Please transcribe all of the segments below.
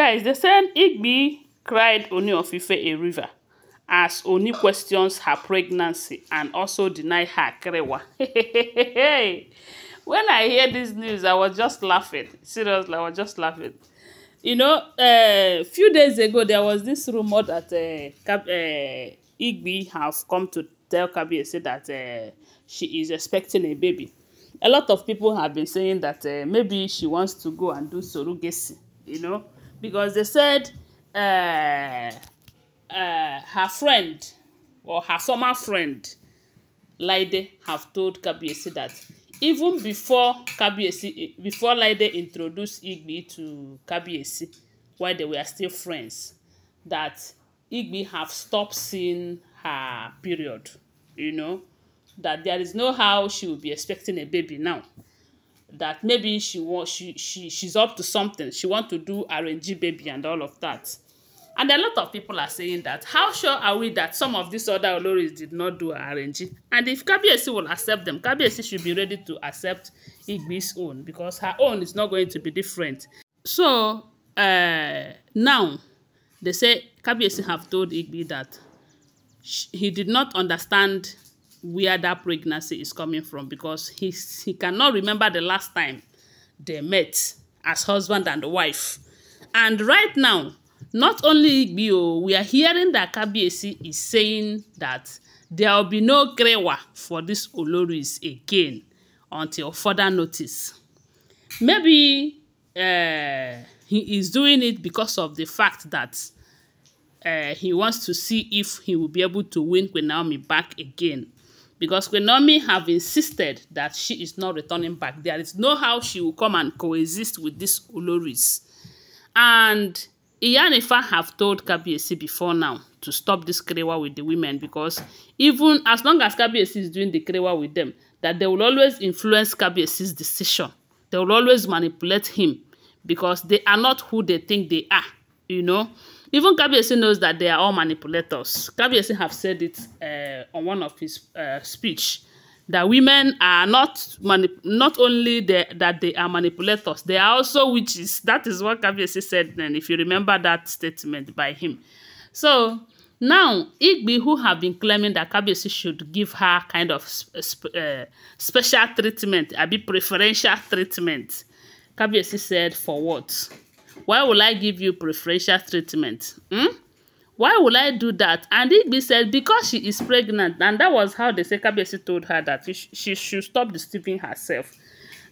Guys, they said Igbi cried Oni of a river as Oni questions her pregnancy and also deny her Kerewa. When I hear this news, I was just laughing. Seriously, I was just laughing. You know, a uh, eh, few days ago, there was this rumor that uh, Kab uh, Igbi have come to tell Kabi Kabiyesi that uh, she is expecting a baby. A lot of people have been saying that uh, maybe she wants to go and do surrogacy, you know because they said uh, uh, her friend or her former friend Laide have told Kabiyesi that even before Kabiyesi before Laide introduced Igbi to Kabiyesi while they were still friends that Igbi have stopped seeing her period you know that there is no how she will be expecting a baby now that maybe she want she she she's up to something she want to do RNG baby and all of that and a lot of people are saying that how sure are we that some of these other oloris did not do RNG and if Kabiyesi will accept them Kabiyesi should be ready to accept Igbe's own because her own is not going to be different so uh, now they say Kabiyesi have told Igbe that she, he did not understand where that pregnancy is coming from because he, he cannot remember the last time they met as husband and wife. And right now, not only Igbio, oh, we are hearing that Kabiesi is saying that there will be no Krewa for this Oloris again until further notice. Maybe uh, he is doing it because of the fact that uh, he wants to see if he will be able to win Queen Naomi back again because Queen have insisted that she is not returning back. There is no how she will come and coexist with these uloris. And Iyanifa have told KBC before now to stop this Krewa with the women because even as long as KBC is doing the Krewa with them, that they will always influence KBC's decision. They will always manipulate him because they are not who they think they are, you know. Even Kabiesi knows that they are all manipulators. Kabiesi have said it uh, on one of his uh, speech that women are not manip, not only the, that they are manipulators, they are also witches. That is what Kabiesi said then, if you remember that statement by him. So now, Igbi, who have been claiming that Kabiesi should give her kind of sp uh, special treatment, a bit preferential treatment, Kabiesi said for what? why will I give you preferential treatment? Hmm? Why will I do that? And Igbi said, because she is pregnant. And that was how the Sekabiesi told her that she, she should stop deceiving herself.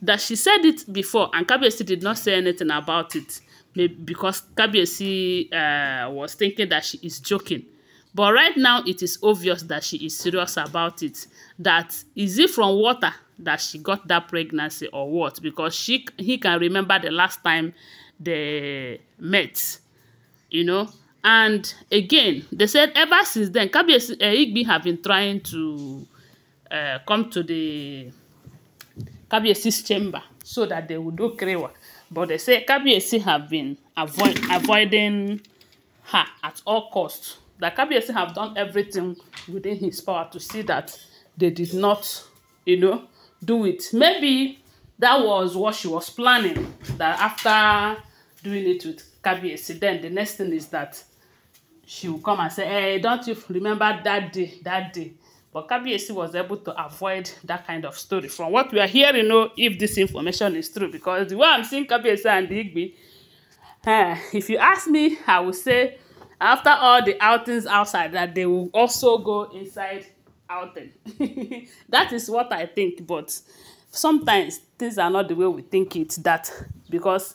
That she said it before and Kabiesi did not say anything about it. because Kabiesi uh, was thinking that she is joking. But right now, it is obvious that she is serious about it. That is it from water that she got that pregnancy or what? Because she he can remember the last time the Met, you know. And again, they said ever since then, Kabiyesi uh, Igbi have been trying to uh, come to the Kabiyesi's chamber so that they would do Krewa. But they say Kabiyesi have been avoid avoiding her at all costs. That Kabiyesi have done everything within his power to see that they did not, you know, do it. Maybe that was what she was planning. That after doing it with Kabiyesi. Then the next thing is that she will come and say, hey, eh, don't you remember that day, that day? But Kabiyesi was able to avoid that kind of story. From what we are hearing, you know if this information is true, because the way I'm seeing Kabiyesi and Igbi, uh, if you ask me, I will say, after all the outings outside, that they will also go inside outing. that is what I think, but sometimes things are not the way we think it, that because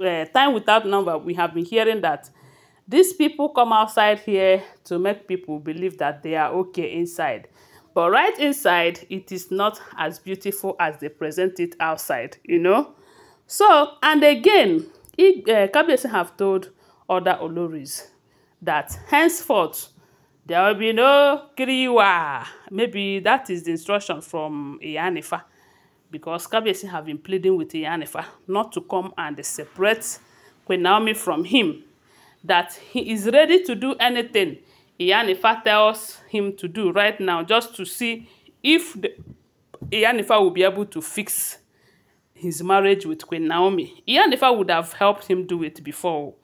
uh, time without number, we have been hearing that these people come outside here to make people believe that they are okay inside. But right inside, it is not as beautiful as they present it outside, you know? So, and again, it, uh, Kabiyesi have told other Oloris that henceforth, there will be no kiriwa. Maybe that is the instruction from Iyanifa. because Kabiyesi have been pleading with Iyanifa not to come and separate Queen Naomi from him, that he is ready to do anything Iyanifa tells him to do right now just to see if the, will be able to fix his marriage with Queen Naomi. Iyanifa would have helped him do it before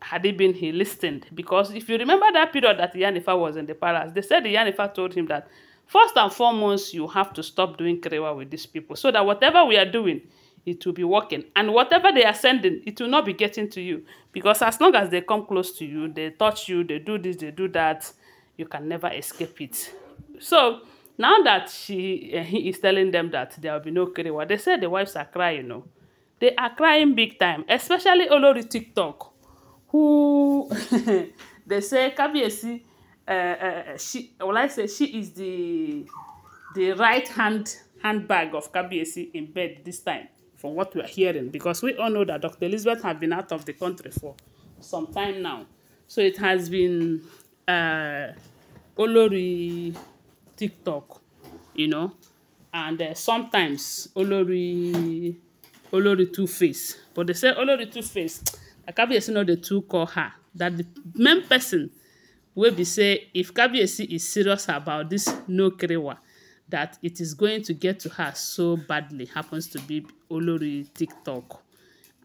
had it been he listened. Because if you remember that period that Iyanifa was in the palace, they said Iyanifa told him that First and foremost, you have to stop doing krewa with these people so that whatever we are doing, it will be working. And whatever they are sending, it will not be getting to you. Because as long as they come close to you, they touch you, they do this, they do that, you can never escape it. So now that she uh, he is telling them that there will be no krewa, they say the wives are crying, you know. They are crying big time, especially Olori TikTok, who they say, Kabiesi, Uh, uh, she, well, I say she is the the right hand handbag of KBC in bed this time, from what we are hearing, because we all know that Dr. Elizabeth has been out of the country for some time now. So it has been uh, Olori TikTok, you know, and uh, sometimes Olori Olori Two Face. But they say Olori Two Face, Akabiesi know the two call her, that the main person wey be say if Kabiyesi is serious about this no kerewa that it is going to get to her so badly happens to be Olori TikTok.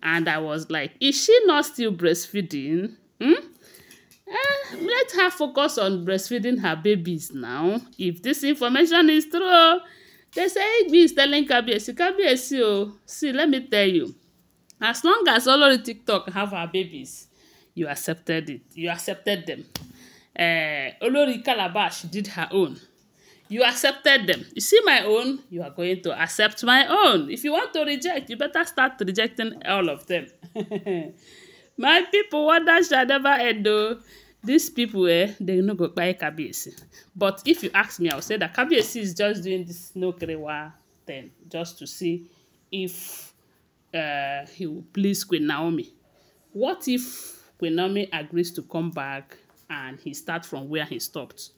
And I was like, is she not still breastfeeding? Hmm? Eh, let her focus on breastfeeding her babies now. If this information is true, they say Igbi is telling Kabiyesi, Kabiyesi o, see, let me tell you, as long as Olori TikTok have her babies, you accepted it, you accepted them uh, eh, Olori Calabash did her own. You accepted them. You see my own, you are going to accept my own. If you want to reject, you better start rejecting all of them. my people, wonder shall never end though. These people, eh, they no go buy Kabiyesi. But if you ask me, I will say that Kabiyesi is just doing this no kerewa thing just to see if uh, he will please Queen Naomi. What if Queen Naomi agrees to come back and he starts from where he stopped.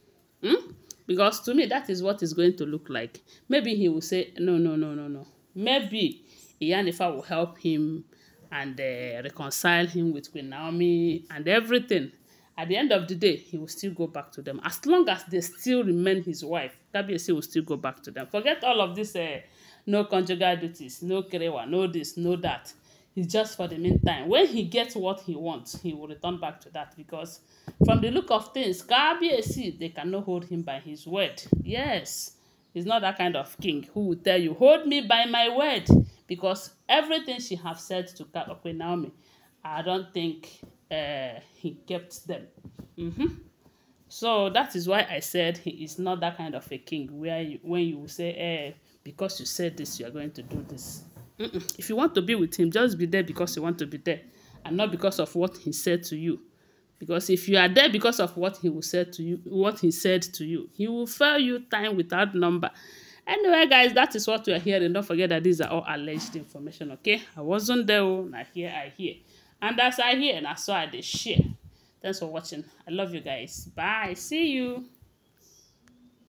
Hmm? Because to me, that is what it's going to look like. Maybe he will say, no, no, no, no, no. Maybe Iyanifa will help him and uh, reconcile him with Queen Naomi and everything. At the end of the day, he will still go back to them. As long as they still remain his wife, Kabiyesi will still go back to them. Forget all of this uh, no conjugal duties, no kerewa, no this, no that. It's just for the meantime. When he gets what he wants, he will return back to that because from the look of things, Kabiesi, they cannot hold him by his word. Yes, he's not that kind of king who will tell you, hold me by my word. Because everything she have said to Okwe Naomi, I don't think uh, he kept them. Mm-hmm. So that is why I said he is not that kind of a king where you, when you say, eh, because you said this, you are going to do this. Mm -mm. If you want to be with him, just be there because you want to be there and not because of what he said to you. Because if you are there because of what he will say to you, what he said to you, he will fail you time without number. Anyway, guys, that is what we are hearing. Don't forget that these are all alleged information, okay? I wasn't there, oh, now here I hear. And as I hear, and I saw I did share. Thanks for watching. I love you guys. Bye. See you.